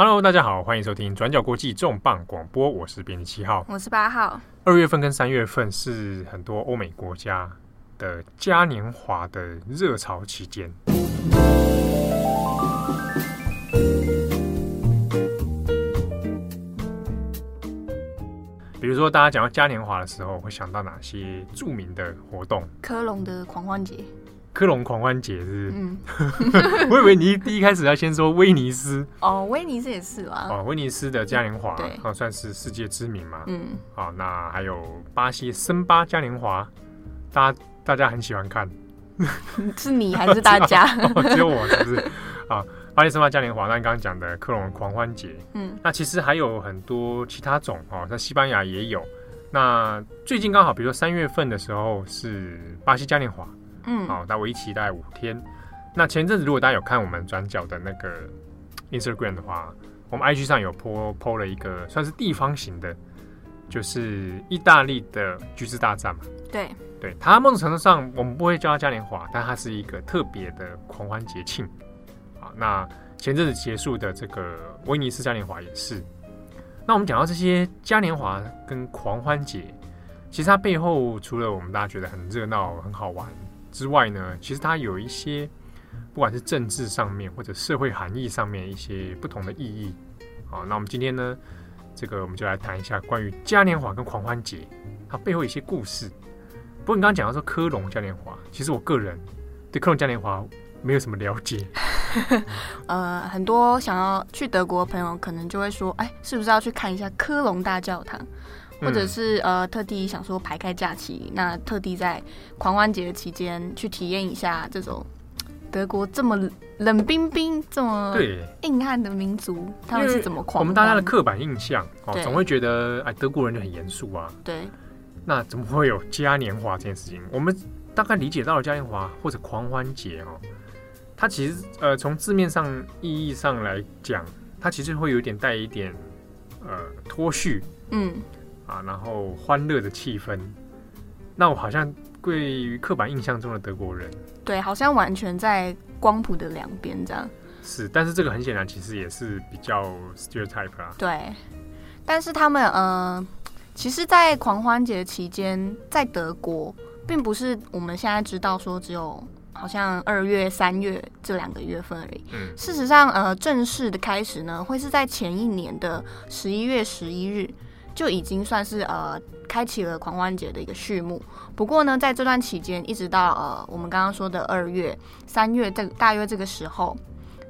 Hello，大家好，歡迎收聽轉角國際重磅廣播，我是編輯七號，我是八號。二月份跟三月份是很多歐美國家的嘉年華的熱潮期間。比如說，大家講到嘉年華的時候，會想到哪些著名的活動？科隆的狂歡節。克隆狂歡節是，是，嗯， 我以為你第一,一開始要先說威尼斯哦，威尼斯也是啊，哦、威尼斯的嘉年華，啊、哦，算是世界知名嘛，嗯，好、哦，那還有巴西森巴嘉年華，大家大家很喜歡看，是你還是大家？哦、只有我是不、就是？啊，巴西森巴嘉年華，那你剛剛講的科隆狂歡節，嗯，那其實還有很多其他種哦，在西班牙也有，那最近剛好，比如說三月份的時候是巴西嘉年華。嗯，好，為期大概五天。那前陣子，如果大家有看我們轉角的那個 Instagram 的話，我們 IG 上有 po po 了一個算是地方型的，就是意大利的橘子大戰嘛。對對，它某種程度上我們不會叫它嘉年華，但它是一個特別的狂歡節慶。好，那前陣子結束的這個威尼斯嘉年華也是。那我們講到這些嘉年華跟狂歡節，其實它背後除了我們大家覺得很熱鬧、很好玩。之外呢，其實它有一些，不管是政治上面或者社會含義上面一些不同的意義，好，那我們今天呢，這個我們就來談一下關於嘉年華跟狂歡節它背後一些故事。不過你剛剛講到說科隆嘉年華，其實我個人對科隆嘉年華沒有什麼了解。 呃，很多想要去德國的朋友可能就會說，哎，是不是要去看一下科隆大教堂？或者是，嗯、呃，特地想說排開假期，那特地在狂歡節的期間去體驗一下這種德國這麼冷冰冰、這麼硬漢的民族，他們是怎麼狂歡？我們大家的刻板印象哦，總會覺得哎，德國人就很嚴肅啊。對，那怎麼會有嘉年華這件事情？我們大概理解到了嘉年華或者狂歡節哦，它其實呃，從字面上意義上來講，它其實會有點帶一點呃脫序，嗯。啊，然後歡樂的氣氛，那我好像對於刻板印象中的德國人，對，好像完全在光譜的兩邊這樣。是，但是這個很顯然其實也是比較 stereotype 啊。對，但是他們呃，其實，在狂歡節期間，在德國並不是我們現在知道說只有好像二月、三月這兩個月份而已。嗯，事實上，呃，正式的開始呢，會是在前一年的十一月十一日。就已經算是呃開啟了狂歡節的一個序幕。不過呢，在這段期間，一直到呃我們剛剛說的二月、三月這大約這個時候，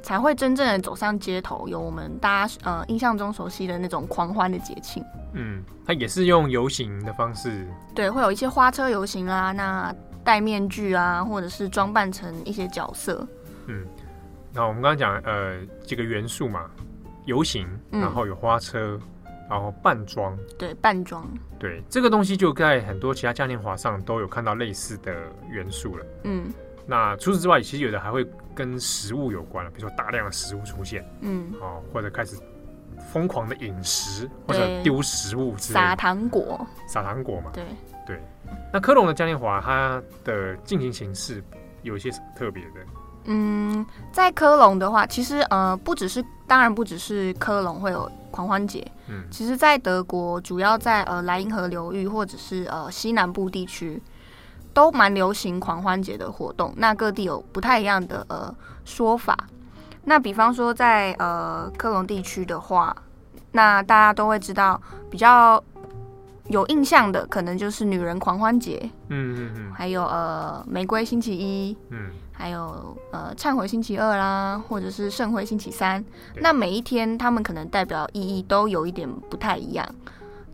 才會真正的走上街頭，有我們大家呃印象中熟悉的那種狂歡的節慶。嗯，它也是用遊行的方式。對，會有一些花車遊行啦、啊，那戴面具啊，或者是裝扮成一些角色。嗯，那我們剛剛講呃幾個元素嘛，遊行，然後有花車。嗯。然後扮裝，對扮裝，對，這個東西就在很多其他嘉年華上都有看到類似的元素了。嗯，那除此之外，其實有的還會跟食物有關了，比如說大量的食物出現，嗯，啊、哦，或者開始瘋狂的飲食，或者丟食物之類的，撒糖果，撒糖果嘛。對對，那科隆的嘉年華它的進行形式有一些什麼特別的？嗯，在科隆的話，其實呃，不只是當然不只是科隆會有。狂歡節，嗯，其實，在德國，主要在呃萊茵河流域或者是呃西南部地區，都蠻流行狂歡節的活動。那各地有不太一樣的呃說法。那比方說在，在呃科隆地區的話，那大家都會知道，比較有印象的，可能就是女人狂歡節，嗯哼哼，還有呃玫瑰星期一，嗯。還有呃，懺悔星期二啦，或者是聖灰星期三。那每一天，他們可能代表意義都有一點不太一樣。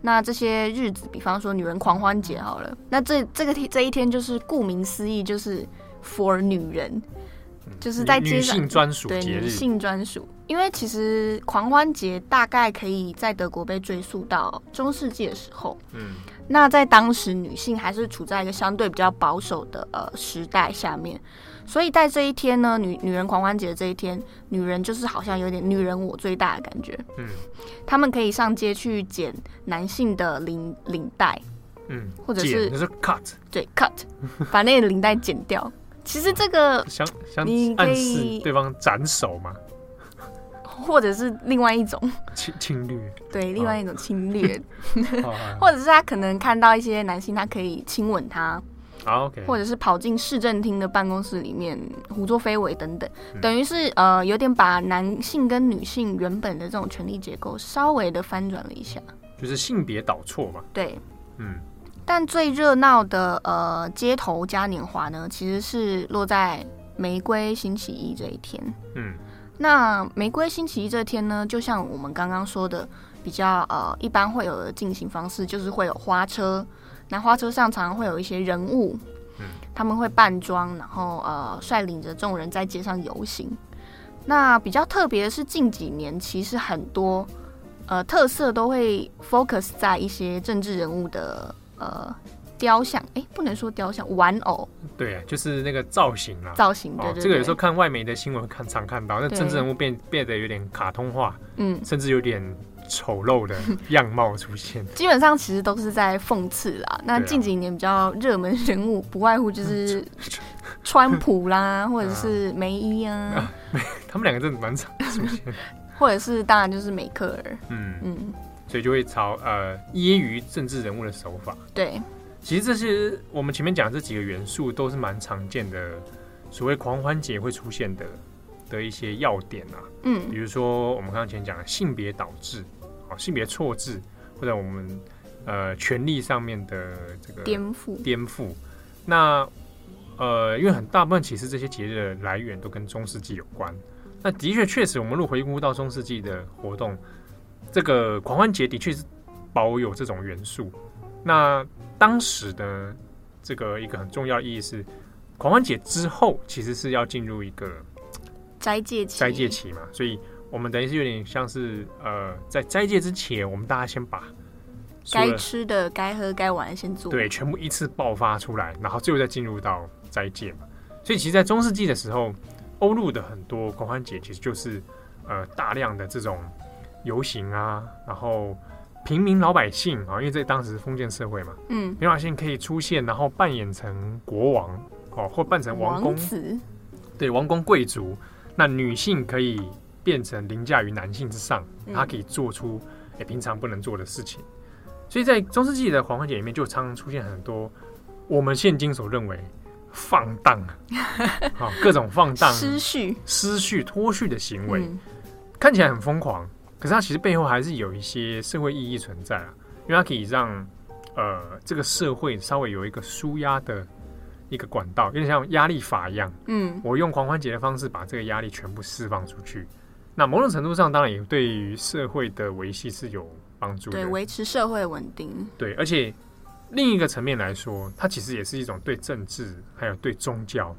那這些日子，比方說女人狂歡節好了，那這這個天這一天就是顧名思義，就是 for 女人，就是在街上女，女性專屬節日。因為其實狂歡節大概可以在德國被追溯到中世紀的時候。嗯。那在當時，女性還是處在一個相對比較保守的呃時代下面，所以在這一天呢，女女人狂歡節這一天，女人就是好像有點女人我最大的感覺，嗯，他們可以上街去剪男性的領領帶，嗯，或者是是 cut，對 cut，把那個領帶剪掉。 其實這個像像暗示對方斬首嗎？或者是另外一種侵侵略， 對，另外一種侵略，oh. 或者是他可能看到一些男性，他可以親吻他，o、oh, k、okay. 或者是跑進市政廳的辦公室裡面胡作非為等等，嗯、等於是呃有點把男性跟女性原本的這種權力結構稍微的翻轉了一下，就是性別倒錯嘛，對，嗯、但最熱鬧的呃街頭嘉年華呢，其實是落在玫瑰星期一這一天，嗯。那玫瑰星期一這天呢，就像我們剛剛說的，比較呃，一般會有的進行方式，就是會有花車，那花車上常常會有一些人物，嗯，他們會扮裝，然後呃，率領着眾人在街上遊行。那比較特別的是，近幾年其實很多呃特色都會 focus 在一些政治人物的呃。雕像哎，欸，不能說雕像玩偶。對啊，就是那個造型啊。造型。對，對，對。喔，這個有時候看外媒的新聞看常看到，那政治人物變變得有點卡通化，嗯，甚至有點醜陋的樣貌出現。 基本上其實都是在諷刺啦。那近幾年比較熱門的人物，不外乎就是川普啦， 或者是梅伊啊，啊，他們兩個真的蠻常出現 或者是當然就是梅克爾，嗯嗯，所以就會朝呃揶揄政治人物的手法，對。其實這些我們前面講的這幾個元素都是蠻常見的，所謂狂歡節會出現的的一些要點啊，嗯，比如說我們剛剛前講的性別倒置，啊、性別錯置，或者我們呃權力上面的這個顛覆顛覆，那呃，因為很大部分其實這些節日的來源都跟中世紀有關，那的確確實我們如果回顧到中世紀的活動，這個狂歡節的確是保有這種元素，那。當時的這個一個很重要意義是，狂歡節之後其實是要進入一個齋戒齋戒期嘛，所以我們等於是有點像是呃，在齋戒之前，我們大家先把該吃的、該喝、該玩先做，對，全部一次爆發出來，然後最後再進入到齋戒嘛。所以其實，在中世紀的時候，歐陸的很多狂歡節其實就是呃大量的這種遊行啊，然後。平民老百姓啊，因為在當時封建社會嘛，嗯，平民老百姓可以出現，然後扮演成國王哦，或扮成王公，王對，王公貴族。那女性可以變成凌駕於男性之上，她可以做出誒、嗯欸、平常不能做的事情。所以在中世紀的狂歡節裡面，就常常出現很多我們現今所認為放蕩啊， 各種放蕩、失序、失序、脫序的行為，嗯、看起來很瘋狂。可是它其實背後還是有一些社會意義存在啊，因為它可以讓，呃，這個社會稍微有一個紓壓的一個管道，有點像壓力閥一樣。嗯，我用狂歡節的方式把這個壓力全部釋放出去。那某種程度上，當然也對於社會的維繫是有幫助的，對維持社會穩定。對，而且另一個層面來說，它其實也是一種對政治、還有對宗教、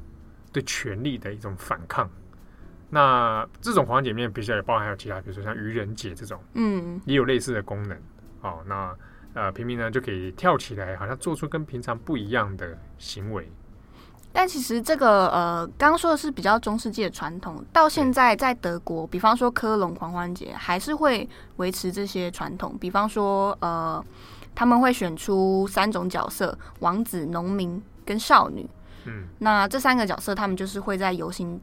對權力的一種反抗。那這種狂歡節裡面，比較也包含有其他，比如說像愚人節這種，嗯，也有類似的功能。哦，那呃，平民呢就可以跳起來，好像做出跟平常不一樣的行為。但其實這個呃，剛剛說的是比較中世紀的傳統，到現在在德國，比方說科隆狂歡節，還是會維持這些傳統。比方說呃，他們會選出三種角色：王子、農民跟少女。嗯，那這三個角色，他們就是會在遊行。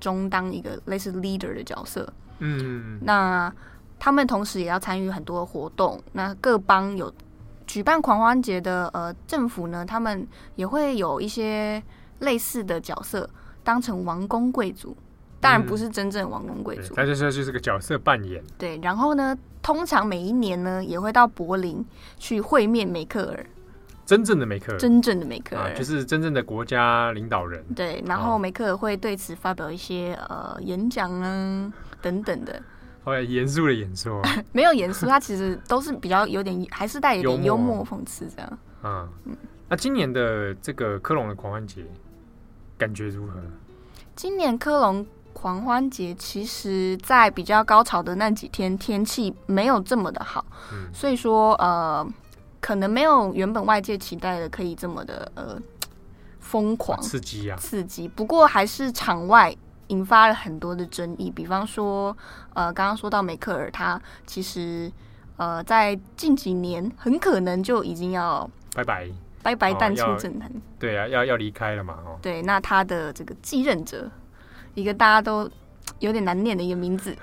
中當一個類似 leader 的角色，嗯，那他們同時也要參與很多活動。那各邦有舉辦狂歡節的，呃，政府呢，他們也會有一些類似的角色，當成王公貴族，當然不是真正王公貴族，但是就是個角色扮演。對，然後呢，通常每一年呢，也會到柏林去會面梅克爾。真正的梅克爾，真正的梅克爾，啊，就是真正的國家領導人。對，然後梅克爾會對此發表一些，哦，呃演講啊等等的。好嚴肅的演說？ 沒有嚴肅，他其實都是比較有點， 還是帶有點幽默諷刺這樣。嗯、啊、那今年的這個科隆的狂歡節感覺如何？今年科隆狂歡節，其實在比較高潮的那幾天，天氣沒有這麼的好。嗯、所以說，呃。可能沒有原本外界期待的可以這麼的呃瘋狂刺激啊。刺激。不過還是場外引發了很多的爭議，比方說呃，剛剛說到梅克爾，他其實呃在近幾年很可能就已經要拜拜拜拜淡出政壇。哦，對啊，要要離開了嘛，哦，對，那他的這個繼任者，一個大家都。有點難念的一個名字，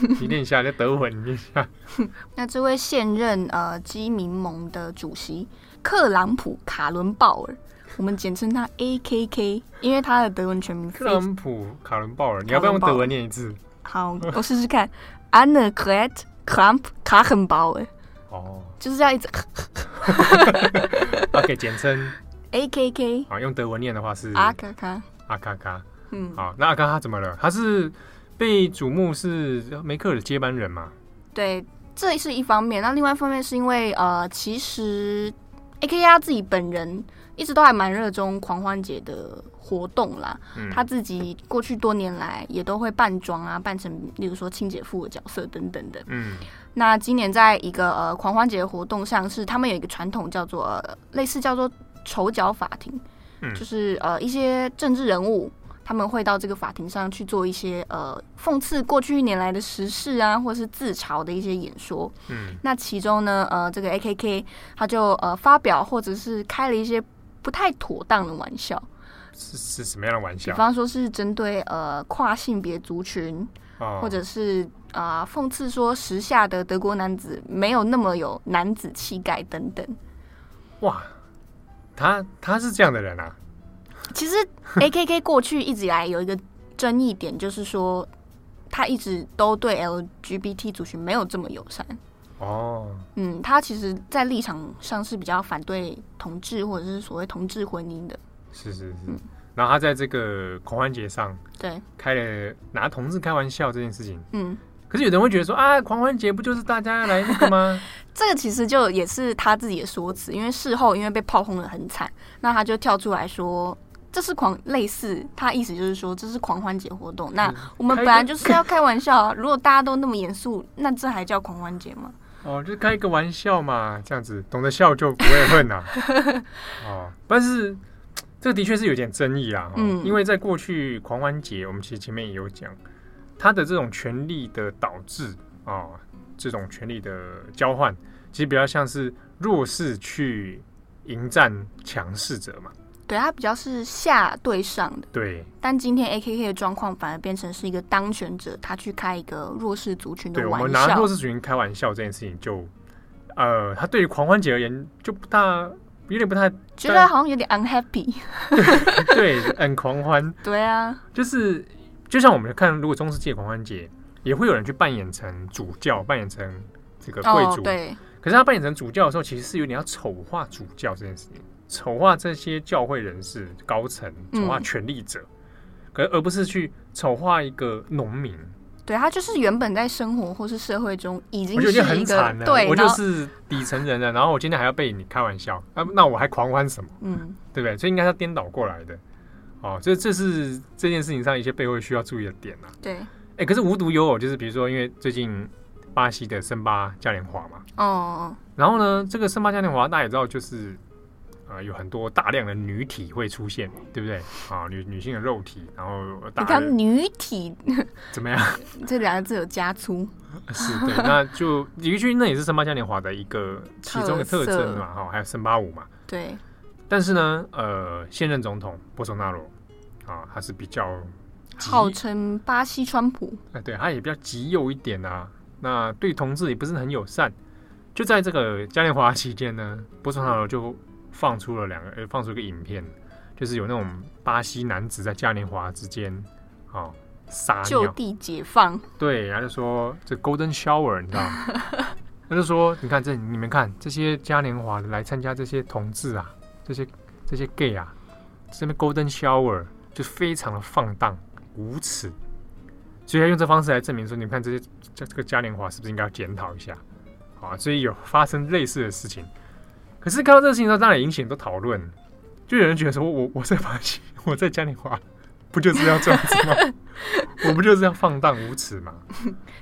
你念一下，再德文念一下。 那這位現任呃基民盟的主席克朗普卡倫鮑爾，我們簡稱他 A.K.K.，因為他的德文全名。克朗普卡倫鮑爾，你要不要用德文念一次？好，我試試看，Annegret Kramp 卡很薄哎，哦 ，oh. 就是這樣一直。 OK，簡稱 A.K.K. 啊，用德文念的話是阿卡卡阿卡卡，嗯，好，那阿卡卡怎麼了？他是。被矚目是梅克爾的接班人嗎？對，這是一方面。那另外一方面是因為，呃，其實 AKR 自己本人一直都還蠻熱衷狂歡節的活動啦，嗯。他自己過去多年來也都會扮裝啊，扮成，例如說清潔婦的角色等等的，嗯，那今年在一個呃狂歡節的活動上，是他們有一個傳統叫做、呃、類似叫做“丑角法庭”，嗯、就是呃一些政治人物，他們會到這個法庭上去做一些呃諷刺過去一年來的時事啊，或是自嘲的一些演說。嗯，那其中呢，呃，這個 A K K 他就呃發表或者是開了一些不太妥當的玩笑。是是什麼樣的玩笑？比方說是針對呃跨性別族群，哦，或者是啊呃諷刺說時下的德國男子沒有那麼有男子氣概等等。哇，他他是這樣的人啊？其實，A K K 過去一直以來有一個爭議點，就是說他一直都對 L G B T 族群沒有這麼友善哦。嗯，他其實，在立場上是比較反對同志或者是所謂同志婚姻的，嗯。Oh. 是是是，是。然後他在這個狂歡節上，對開了拿同志開玩笑這件事情，嗯，可是有人會覺得說啊，狂歡節不就是大家來那個嗎 ？這個其實就也是他自己的說辭，因為事後因為被炮轟得很慘，那他就跳出來說。這是狂類似他意思就是說，這是狂歡節活動、嗯。那我們本來就是要開玩笑啊！ 如果大家都那麼嚴肅，那這還叫狂歡節嗎？哦，就開一個玩笑嘛，這樣子懂得笑就不會恨啊。 哦，但是這個的確是有點爭議啊、哦。嗯，因為在過去狂歡節，我們其實前面也有講，他的這種權力的倒置啊、哦，這種權力的交換，其實比較像是弱勢去迎戰強勢者嘛。對，他比較是下對上的。對。但今天 A K K 的狀況反而變成是一個當權者，他去開一個弱勢族群的玩笑。對，我們拿弱勢族群開玩笑這件事情就，就呃，他對於狂歡節而言就不太，有點不太覺得他好像有點 unhappy 對。 對，很狂歡。對啊，就是就像我們看，如果中世紀的狂歡節也會有人去扮演成主教，扮演成這個貴族。Oh, 對。可是他扮演成主教的時候，其實是有點要醜化主教這件事情。醜化這些教會人士高層，醜化權力者、嗯，可而不是去醜化一個農民。對，他就是原本在生活或是社會中已經是已經很慘了。對，我就是底層人了。然後我今天還要被你開玩笑，那、啊、那我還狂歡什麼？嗯，對不對？這應該是顛倒過來的。哦，這這是這件事情上一些背後需要注意的點啊。對，哎、欸，可是無獨有偶，就是比如說，因為最近巴西的森巴嘉年華嘛。哦。然後呢，這個森巴嘉年華大家也知道，就是。呃、有很多大量的女體會出現，對不對？啊，女女性的肉體，然後你看女體怎麼樣？這兩個字有加粗。 是對，那就的確，那也是森巴嘉年華的一個其中的特徵嘛，哈、哦，還有森巴舞嘛。對。但是呢，呃，現任總統波索納羅啊，還是比較，號稱巴西川普。哎、呃，對，他也比較極右一點啊。那對同志也不是很友善。就在這個嘉年華期間呢，波索納羅就。放出了兩個，呃，放出一個影片，就是有那種巴西男子在嘉年華之間，啊、哦，撒尿就地解放，對，然後就說這 Golden Shower，你知道嗎？ 他就說，你看這，你們看這些嘉年華來參加這些同志啊，這些這些 Gay 啊，這邊 Golden Shower 就非常的放蕩無恥，所以他用這方式來證明說，你看這些這這個、嘉年華是不是應該要檢討一下？啊，所以有發生類似的事情。可是看到這個事情之後，當然引起很多討論，就有人覺得說：“我我在巴西，我在嘉年華，不就是要這樣子嗎？ 我不就是要放蕩無恥嗎？”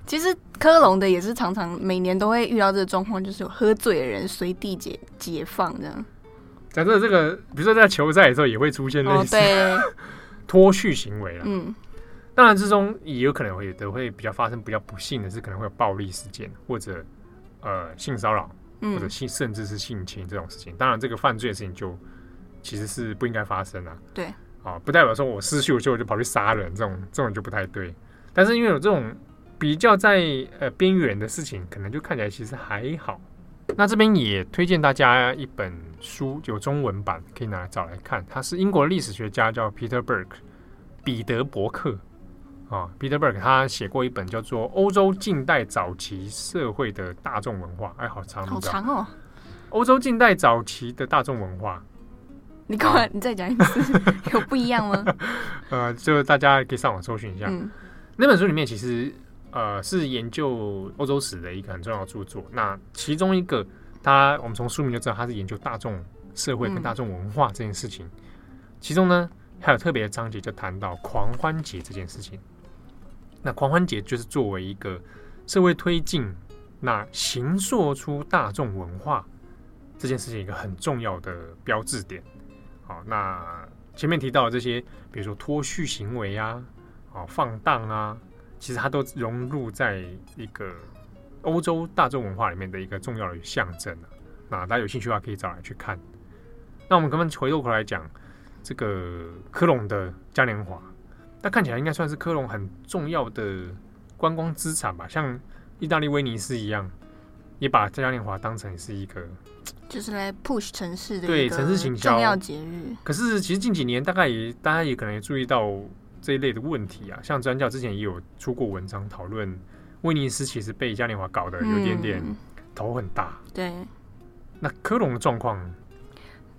其實科隆的也是常常每年都會遇到這個狀況，就是有喝醉的人隨地解解放這樣。假設，這個比如說在球賽的時候也會出現類似脫、哦、序行為了。嗯，當然之中也有可能會有的會比較發生比較不幸的是，可能會有暴力事件或者呃性騷擾。或者性，甚至是性侵這種事情。嗯，當然這個犯罪的事情就其實是不應該發生的啊。對，啊，不代表說我失去我就就跑去殺人，這種這種就不太對。但是因為有這種比較在呃邊緣的事情，可能就看起來其實還好。那這邊也推薦大家一本書，有中文版可以拿來找來看，他是英國歷史學家叫 Peter Burke，彼得伯克。啊、哦、Peter Burke 他寫過一本叫做《歐洲近代早期社會的大眾文化》，哎，好長，好長哦！歐洲近代早期的大眾文化，你幹嘛？啊、你再講一次，有不一樣嗎？ 呃，就大家可以上網搜尋一下、嗯。那本書裡面其實呃是研究歐洲史的一個很重要的著作。那其中一個，他我們從書名就知道，他是研究大眾社會跟大眾文化這件事情、嗯。其中呢，還有特別的章節就談到狂歡節這件事情。那狂歡節就是作為一個社會推進，那形塑出大眾文化這件事情一個很重要的標誌點。好，那前面提到的這些，比如說脫序行為啊，啊放蕩啊，其實它都融入在一個歐洲大眾文化裡面的一個重要的象徵啊，那大家有興趣的話，可以找來去看。那我們剛剛回過頭來講這個科隆的嘉年華。它看起來應該算是科隆很重要的觀光資產吧，像意大利威尼斯一樣，也把嘉年華當成是一個，就是來 push 城市的對城市營銷重要節日。可是其實近幾年大概也大家也可能也注意到這一類的問題啊，像專家之前也有出過文章討論威尼斯其實被嘉年華搞得有點點頭很大。嗯、對，那科隆的狀況。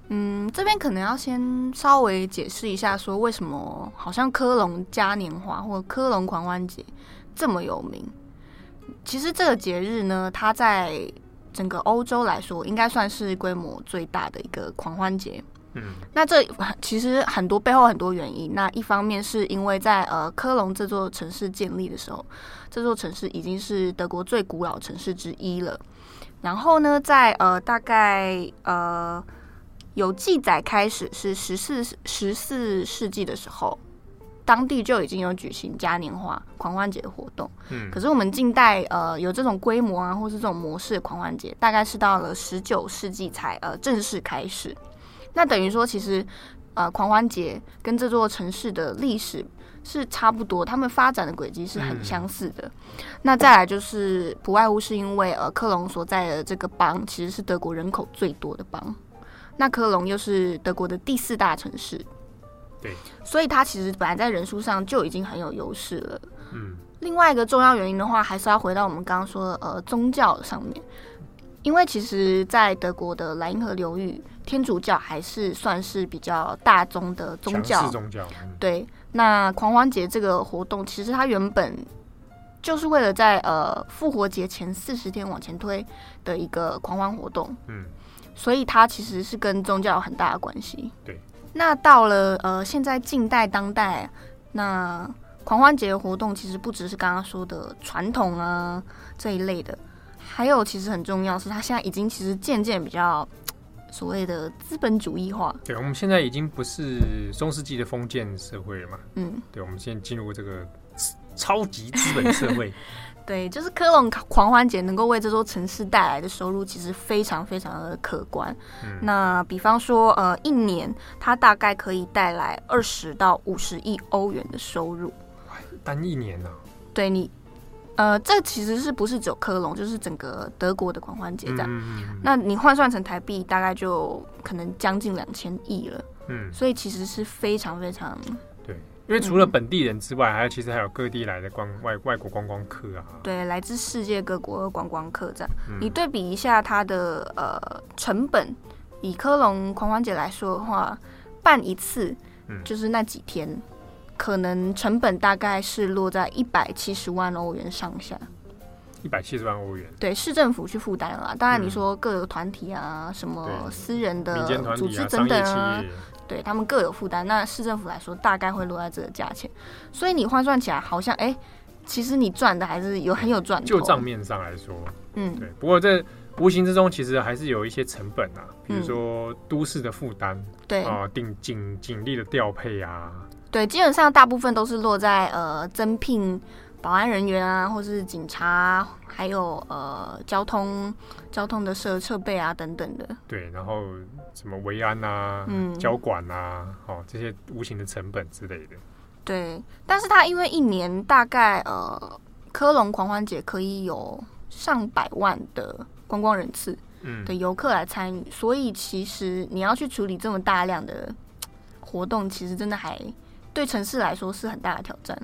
嗯，這邊可能要先稍微解釋一下，說為什麼好像科隆嘉年華或科隆狂歡節這麼有名。其實這個節日呢，它在整個歐洲來說，應該算是規模最大的一個狂歡節。嗯，那這其實很多背後很多原因。那一方面是因為在呃科隆這座城市建立的時候，這座城市已經是德國最古老城市之一了。然後呢，在呃大概呃。有記載開始是十四十四世紀的時候，當地就已經有舉行嘉年華狂歡節活動。嗯，可是我們近代呃有這種規模啊，或是這種模式的狂歡節，大概是到了十九世紀才呃正式開始。那等於說，其實呃，狂歡節跟這座城市的歷史是差不多，他們發展的軌跡是很相似的。嗯。那再來就是不外乎是因為呃科隆所在的這個邦其實是德國人口最多的邦。那科隆又是德國的第四大城市，對，所以它其實本來在人數上就已經很有優勢了。嗯，另外一個重要原因的話，還是要回到我們剛剛說的呃宗教上面，因為其實，在德國的萊茵河流域，天主教還是算是比較大宗的宗教。宗教、嗯、對，那狂歡節這個活動，其實它原本就是為了在呃復活節前四十天往前推的一個狂歡活動。嗯。所以它其實是跟宗教有很大的關係。對，那到了呃，現在近代當代，那狂歡節的活動其實不只是剛剛說的傳統啊這一類的，還有其實很重要是它現在已經其實漸漸比較所謂的資本主義化。對，我們現在已經不是中世紀的封建社會了嘛？嗯，對，我們現在進入這個超級資本社會。 對，就是科隆狂歡節能夠為這座城市帶來的收入，其實非常非常的可觀。嗯、那比方說，呃，一年它大概可以帶來二十到五十億歐元的收入，但一年呢、啊？對你，呃，這其實是不是只有科隆，就是整個德國的狂歡節這樣？嗯嗯嗯，那你換算成台幣，大概就可能將近兩千億了。嗯，所以其實是非常非常。因為除了本地人之外，嗯，還其實還有各地來的光外外國觀光客啊。對，來自世界各國的觀光客這樣，嗯、你對比一下它的呃成本。以科隆狂歡節來說的話，辦一次，就是那幾天，嗯，可能成本大概是落在一百七十萬歐元上下。一百七十萬歐元。對，市政府去負擔了。當然，你說各個團體啊，嗯，什麼私人的、組織、啊、等等。啊。對他們各有負擔，那市政府來說大概會落在這個價錢，所以你換算起來好像哎、欸，其實你賺的還是有很有賺的，就賬面上來說，嗯，對。不過，這無形之中，其實還是有一些成本啊，比如說都市的負擔，對、嗯、啊，警警警力的調配啊，對，基本上大部分都是落在呃增聘，保安人員啊，或是警察啊，還有呃交通交通的設設備啊等等的。對，然後什麼維安啊，嗯，交管啊，哦，這些無形的成本之類的。對，但是他因為一年大概呃科隆狂歡節可以有上百萬的觀光人次，的遊客來參與，嗯，所以其實你要去處理這麼大量的活動，其實真的還對城市來說是很大的挑戰。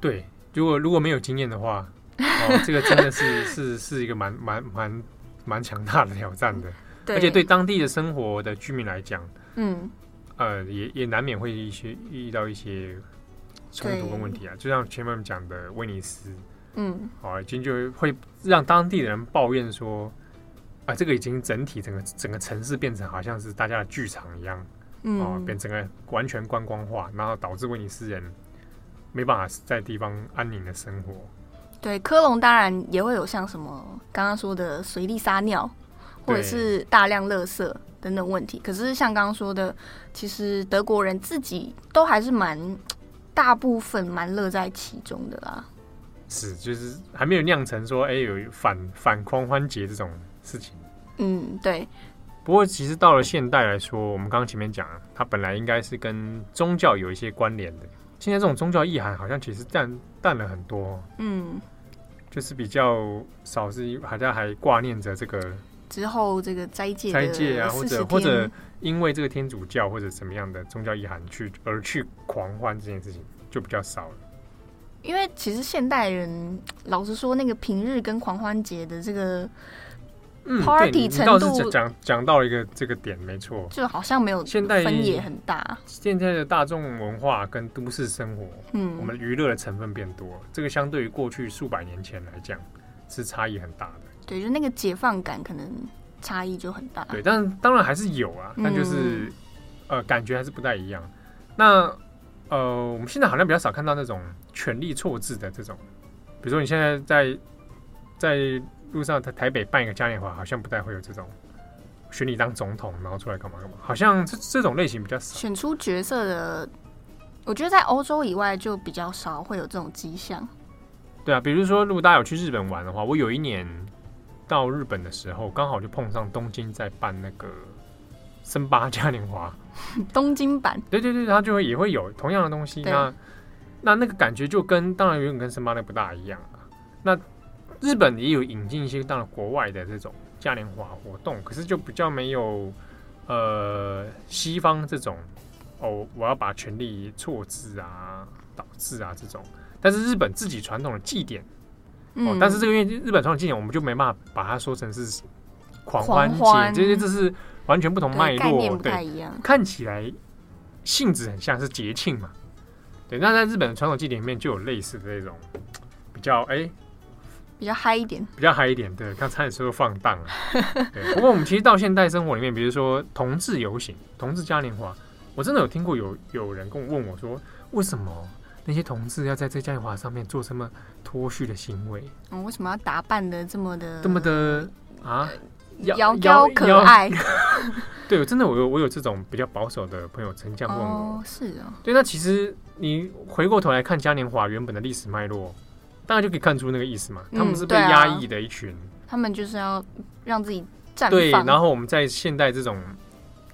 對。如果如果沒有經驗的話，哦，這個真的是 是是一個蠻蠻蠻蠻強大的挑戰的，嗯，而且對當地的生活的居民來講，嗯，呃，也也難免會一些遇到一些衝突跟問題啊。就像前面講的威尼斯，嗯，哦，已經就會讓當地人抱怨說，啊，呃，這個已經整體整個整個城市變成好像是大家的劇場一樣，嗯，哦，變成個完全觀光化，然後導致威尼斯人。沒辦法在地方安寧的生活，對科隆當然也會有像什麼剛剛說的隨地撒尿或者是大量垃圾等等問題。可是像剛剛說的，其實德國人自己都還是蠻大部分蠻樂在其中的啦。是，就是還沒有釀成說哎有反反狂歡節這種事情。嗯，對。不過其實到了現代來說，我們剛剛前面講啊，它本來應該是跟宗教有一些關聯的。現在這種宗教意涵，好像其實淡淡了很多，嗯，就是比較少，是好像還掛念着這個之後這個齋戒齋戒啊，或者或者因為這個天主教或者什麼樣的宗教意涵去而去狂歡這件事情就比較少了。因為其實現代人老實說，那個平日跟狂歡節的這個。嗯、Party 對，你倒是講講到了一個這個點，沒錯，就好像沒有現在分野很大。現在，現在的大眾文化跟都市生活，嗯，我們娛樂的成分變多，這個相對於過去數百年前來講是差異很大的。對，就那個解放感可能差異就很大。對，但當然還是有啊，但就是、嗯、呃，感覺還是不太一樣。那呃，我們現在好像比較少看到那種權力錯置的這種，比如說你現在在在路上，台台北辦一個嘉年華，好像不太會有這種選你當總統，然後出來幹嘛幹嘛。好像這這種類型比較少。選出角色的，我覺得在歐洲以外就比較少會有這種跡象。對啊，比如說，如果大家有去日本玩的話，我有一年到日本的時候，剛好就碰上東京在辦那個森巴嘉年華，東京版。對對對，他就會也會有同樣的東西。那那那個感覺就跟當然有點跟森巴那不大一樣啊。那日本也有引進一些到了國外的這種嘉年華活動，可是就比較沒有，呃，西方這種哦，我要把權力錯置啊、導致啊這種。但是日本自己傳統的祭典，嗯，哦，但是這個因為日本傳統祭典，我們就沒辦法把它說成是狂歡節，這些這是完全不同脈絡，對，看起來性質很像是節慶嘛。對，那在日本的傳統祭典裡面就有類似的這種比較欸。欸比較嗨一點， 比較嗨一點，對，剛差點說放蕩了。對，不過我們其實到現代生活裡面，比如說同志遊行、同志嘉年華，我真的有聽過有有人跟我問我說，為什麼那些同志要在這嘉年華上面做什麼脫序的行為？嗯，為什麼要打扮的這麼的、這麼的啊？呃、妖嬌可愛。 對，真的，我有我有這種比較保守的朋友曾經這樣問我，哦、是啊、哦。對，那其實你回過頭來看嘉年華原本的歷史脈絡。大家就可以看出那個意思嘛？嗯、他們是被壓抑的一群，嗯啊、他們就是要讓自己綻放。對，然後我們在現代這種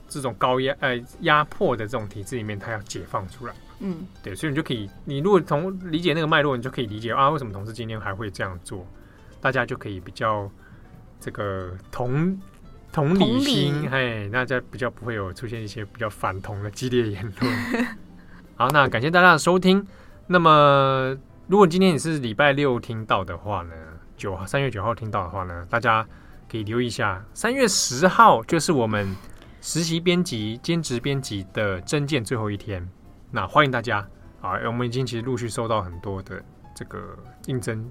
這種高壓、呃，壓迫的這種體制裡面，他要解放出來。嗯，對，所以你就可以，你如果從理解那個脈絡，你就可以理解啊，為什麼同事今天還會這樣做？大家就可以比較這個同同理心同理，嘿，大家比較不會有出現一些比較反同的激烈言論。 好，那感謝大家的收聽。那麼。如果今天你是禮拜六聽到的話呢，九號三月九號聽到的話呢，大家可以留意一下。三月十號就是我們實習編輯、兼職編輯的徵件最後一天，那歡迎大家啊、欸！我們已經其實陸續收到很多的這個應徵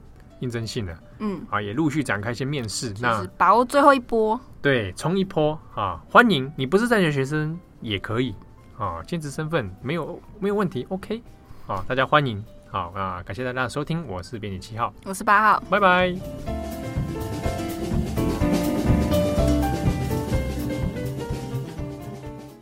應徵信了，嗯啊，也陸續展開一些面試。那把握最後一波，對，衝一波啊！歡迎你，不是在校學生也可以啊，兼職身份沒有沒有問題，OK 啊，大家歡迎。好啊，那感謝大家的收聽，我是編輯七號，我是八號，拜拜。